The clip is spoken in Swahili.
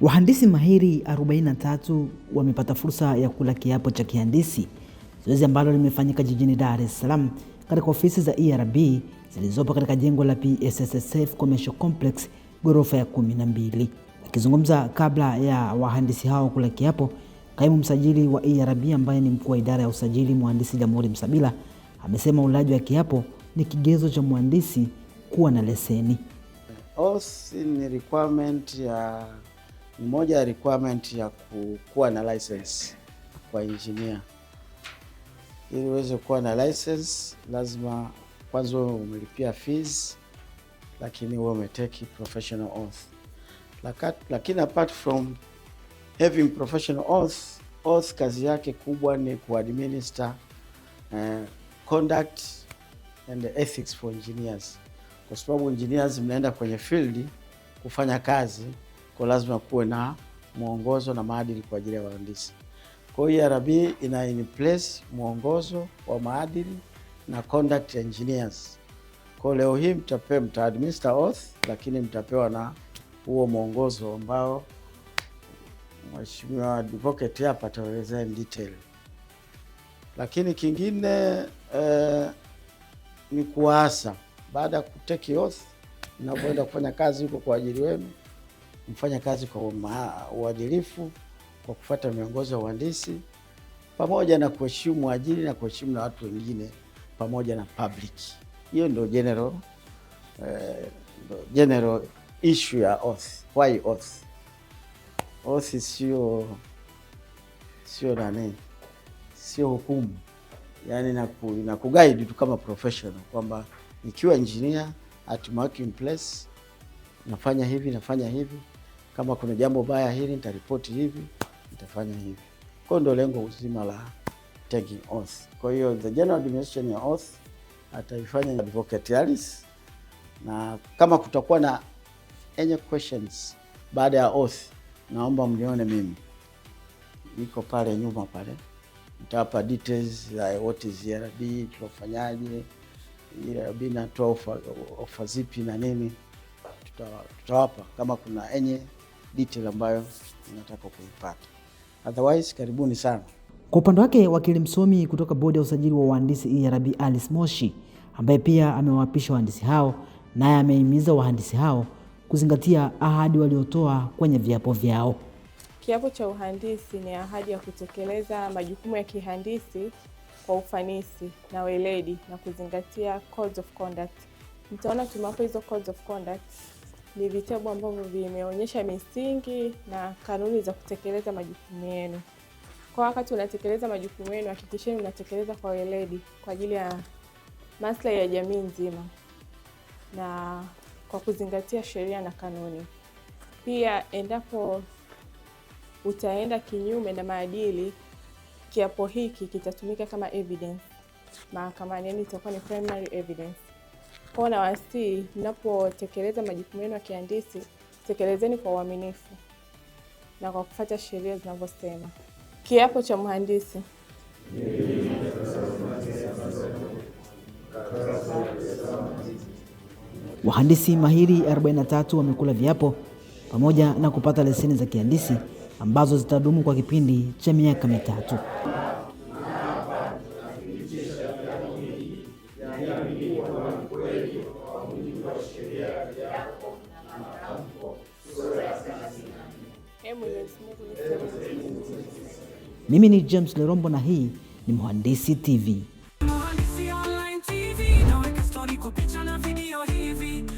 Wahandisi mahiri 43 wamepata fursa ya kula kiapo cha kihandisi, zoezi ambalo limefanyika jijini Dar es Salaam katika ofisi za ERB zilizopo katika jengo la PSSSF Commercial Complex ghorofa ya 12. Akizungumza kabla ya wahandisi hao kula kiapo, kaimu msajili wa ERB ambaye ni mkuu wa idara ya usajili mhandisi Jamhuri Msabila amesema ulaji wa kiapo ni kigezo cha mhandisi kuwa na leseni. Oath ni requirement ya ni moja ya requirement ya kuwa na license kwa engineer. Ili uweze kuwa na license, lazima kwanza umelipia fees, lakini uwe umeteki professional oath. Lakini apart from having professional oath, oath kazi yake kubwa ni kuadminister uh, conduct and ethics for engineers, kwa sababu engineers mnaenda kwenye field kufanya kazi kwa lazima kuwe na mwongozo na maadili kwa ajili ya wahandisi. Kwa hiyo ERB ina in place mwongozo wa maadili na conduct engineers. Kwa leo hii mtapewa, mta administer oath, lakini mtapewa na huo mwongozo ambao Mheshimiwa Advocate hapa ataelezea in detail. Lakini kingine eh, ni kuwaasa baada ya kuteki oath, mnapoenda kufanya kazi huko kwa ajili wenu mfanya kazi kwa uadilifu kwa kufuata miongozo ya uhandisi pamoja na kuheshimu ajili na kuheshimu na watu wengine pamoja na public. Hiyo ndio general eh, general issue ya oath. Why oath? Oath sio sio nani, sio hukumu, yaani na kuguide tu kama professional kwamba nikiwa engineer at place nafanya hivi nafanya hivi kama kuna jambo baya hili nitaripoti hivi, nitafanya hivi. Kwa ndio lengo uzima la taking oath. Kwa hiyo the general administration ya oath ataifanya Advocate Alice, na kama kutakuwa na any questions baada ya oath, naomba mnione mimi niko pale nyuma pale, nitawapa details za like what is ERB, tunafanyaje ERB, natoa ofa zipi na nini, tutawapa kama kuna enye detail ambayo unataka kuipata. Otherwise, karibuni sana. Kwa upande wake wakili msomi kutoka bodi ya usajili wa wahandisi ERB Alice Moshi ambaye pia amewaapisha wahandisi hao, naye amehimiza wahandisi hao kuzingatia ahadi waliotoa kwenye viapo vyao. Kiapo cha uhandisi ni ahadi ya kutekeleza majukumu ya kihandisi kwa ufanisi na weledi na kuzingatia codes of conduct. Mtaona tumewapa hizo codes of conduct ni vitabu ambavyo vimeonyesha misingi na kanuni za kutekeleza majukumu yenu. Kwa wakati unatekeleza majukumu yenu, hakikisheni unatekeleza kwa weledi kwa ajili ya maslahi ya jamii nzima na kwa kuzingatia sheria na kanuni. Pia endapo utaenda kinyume na maadili, kiapo hiki kitatumika kama evidence mahakamani, yani itakuwa ni primary evidence na nawasihi, mnapotekeleza majukumu yenu ya kihandisi, tekelezeni kwa uaminifu na kwa kufuata sheria zinavyosema. Kiapo cha mhandisi. Wahandisi mahiri 43 wamekula viapo pamoja na kupata leseni za kihandisi ambazo zitadumu kwa kipindi cha miaka mitatu. yako na sura ya mimi ni James Lerombo na hii ni Mhandisi TV. Mhandisi Online TV, naweka kwa picha na video hivi.